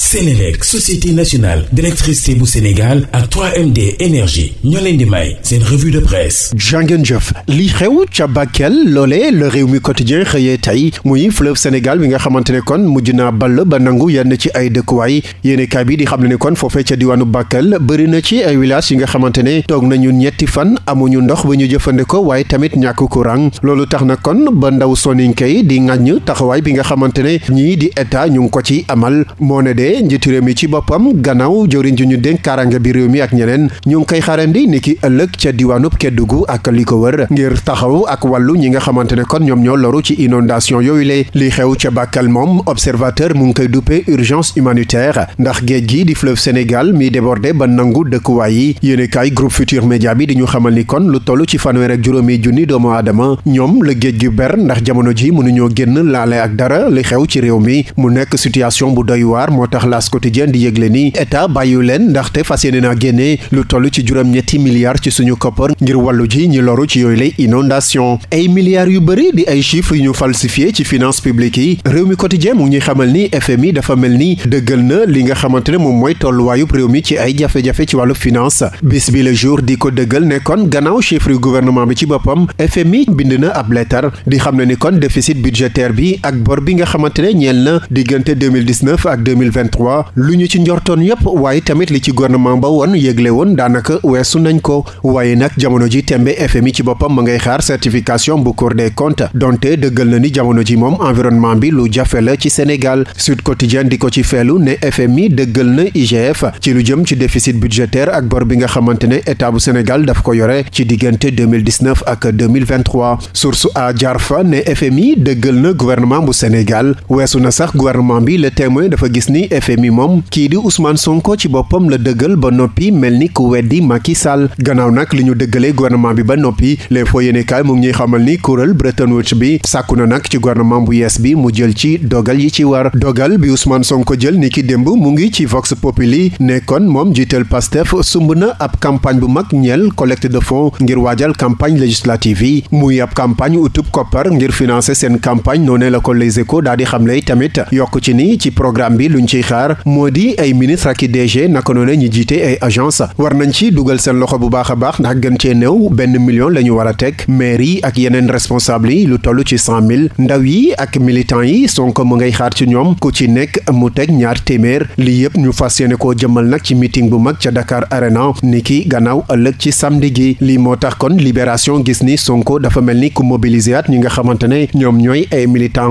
Sénélec société nationale d'électricité bu Sénégal ak 3MD énergie ñoo leen di may seen de presse jàngeen jëf li xew ca Bakel loole le réew mi quotidien xëyee tey muy fleuve Sénégal bi nga xamante ne kon mujj naa ball ba nangu yenn ci ay dëkkuwaay yéenekaay bi di xam ne ne kon foofee ca diwaanu Bakel bëri na ci ay village yi nga xamante ne toog nañu ñetti fan amuñu ndox ba ñu jëfandikoo waaye tamit ñàkk courant loolu tax na kon ba ndaw Soninke di ŋàññ taxawaay bi nga xamante ne ñii di état ñu ngi ko ci amal moo ne de foofee njiitu réew mi ci boppam gannaaw jëwriñ ji ñu dénk kaaraange bi réew mi ak ñeneen ñu ngi koy xarandi ni ki ëllëg ca diwaanub Kédougou ak li ko wër ngir taxaw ak wàllu ñi nga xamante ne kon ñoom ñoo loru ci inondation yooyu le li xew ca Bakel moom observateur mu ngi koy duppee urgence humanitaire ndax géej gi di fleuve Sénégal mi débordé ba nangu dëkkuwaay yi yéenekaay groupe Futur Média bi di ñu xamal ni kon lu toll ci fanweer ak juróomi junni doomu aadama ñoom la géej gi ber ndax jamono ji mënuñoo génn laale ak dara xew ci réew mi ndax L'As Quotidien di yëgle ni état bàyyu leen ndaxte fas yéene naa génne lu toll ci juróom-ñetti milliards ci suñu koppar ngir wàllu ji ñi loru ci yooyu lay ay milliards yu bëri di ay chiffres yu ñu falsifié ci finance publique yi réew mi quotidien mu ngi xamal ni FMI dafa mel ni dëggal na li nga xamante ne moom mooy tolluwaayub réew mi ci ay jafe-jafe ci wàllu finance bis bi le jour di ko dëggal ne kon gannaaw chiffre yu gouvernement bi ci boppam FMI bind na ab lettre di xam ne ni kon déficit budgétaire bi ak bor bi nga xamante ne ñeel na diggante 2019 ak 2020 2023 lu ñu ci njortoon yépp waaye tamit li ci gouvernement ba woon yégle woon daanaka weesu nañ ko waaye nag jamono ji tembe FMI ci boppam ma ngay xaar certification bu Cour kont comptes donte dëggal na ni jamono ji moom environnement bi lu jafe la ci Sénégal Sud Quotidien di ko ci feelu ne FMI dëggal na IGF ci lu jëm ci déficit budgétaire ak bor bi nga xamante ne état bu Sénégal daf ko yore ci diggante 2019 ak 2023 source a jaar fa ne FMI dëggal na gouvernement bu Sénégal weesu na sax gouvernement bi le témoin dafa gis ni FMI FMI moom kii di Ousmane Sonko ci boppam la dëggal ba noppi mel ni ku weddi Macky Sall gannaaw nag li ñu dëggalee gouvernement bi ba noppi l'info yéenekaay mu ngi xamal ni kuréel Bretton Woods bi sàkku na nag ci gouvernement bu yees bi mu jël ci dogal yi ci war dogal bi Ousmane Sonko jël ni ki démb mu ngi ci Vox Populi nekkoon moom jiital Pastef sumb na ab campagne bu mag ñeel collecte de fonds ngir waajal campagne législative yi muy ab campagne utub koppar ngir financer seen campagne noonee la ko daal di xamle tamit yokk ci ni ci programme ciy xaar moo di ay ministre ak i naka noonu ñu jiite ay agence war nañ ci dugal seen loxo bu baax a baax ndax gën cee néew benn million la ñu war a teg maire yi ak yeneen responsable yi lu toll ci cent mille ndaw yi ak militant yi Sonko mu ngay xaar ci ñoom ku ci nekk mu teg ñaar téeméer li yëpp ñu fas yéene koo jëmal nag ci meeting bu mag ca Dakar Arena ni ki gannaaw ëllëg ci samedi gi lii moo tax kon libération gis ni Sonko dafa mel ni ku mobiliser at ñi nga xamante ne ñoom ñooy ay militant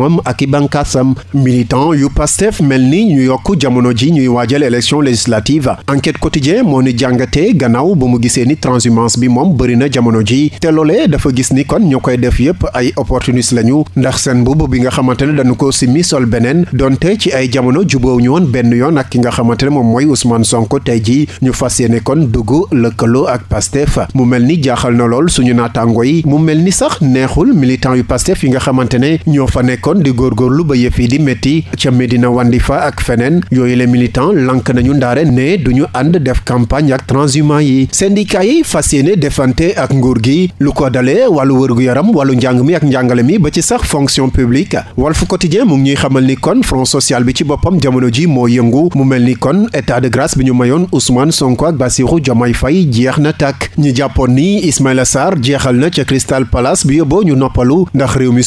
yokk jamono ji ñuy waajal élection législative enquête quotidien moo ni jàngatee gannaaw bu mu gisee ni transhumance bi moom bëri na jamono ji te loolee dafa gis ni kon ñoo koy def yépp ay opportuniste lañu ndax seen mbubb bi nga xamante ne dañu ko simmi sol beneen donte ci ay jamono jubóow ñu woon benn yoon ak ki nga xamante ne moom mooy Ousmane Sonko tey ji ñu fas yéene kon dugg lëkkaloo ak fa mu mel ni jaaxal na lool suñu naataango yi mu mel ni sax neexul militant yu Pastef yi nga xamante ne ñoo fa nekkoon di góorgóorlu ba yëf di métti ca Medina Wandifa ak feneen semaine yooyu les militants lank nañu ndaare ne duñu ànd def campagne ak transhumant yi syndicat yi fas yéene defante ak nguur gi lu ko dale wàllu wërgu-yaram wàllu njàng mi ak njàngale mi ba ci sax fonction publique Walf Quotidien mu ngi ñuy xamal ni kon front social bi ci boppam jamono ji moo yëngu mu mel ni kon état de grâce bi ñu mayoon Ousmane Sonko ak Bassirou Diomaye fay jeex na tàkk ñi jàppoon ni Ismaïla Sarr jeexal na ca Crystal Palace bi yóbboo ñu noppalu ndax réew mi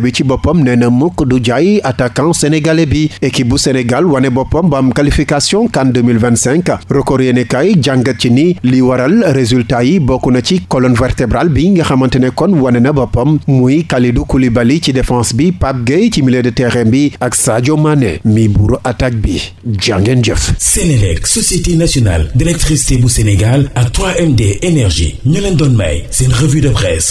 bi ci boppam bi équipe bu Sénégal wane boppam ba am qualification CAN 2025 record yéene kaay jàngat ci ni li waral résultat yi bokk na ci colonne vertébrale bi nga xamante ne kon wane na boppam muy Kalidou Koulibaly ci défense bi Pape Gueye ci milieu de terrain bi ak Sadio Mané mi buuru attaque bi jàngeen jëf. Sénélec société nationale d'électricité bu Sénégal ak 3MD énergie ñu leen doon may seen revue de presse.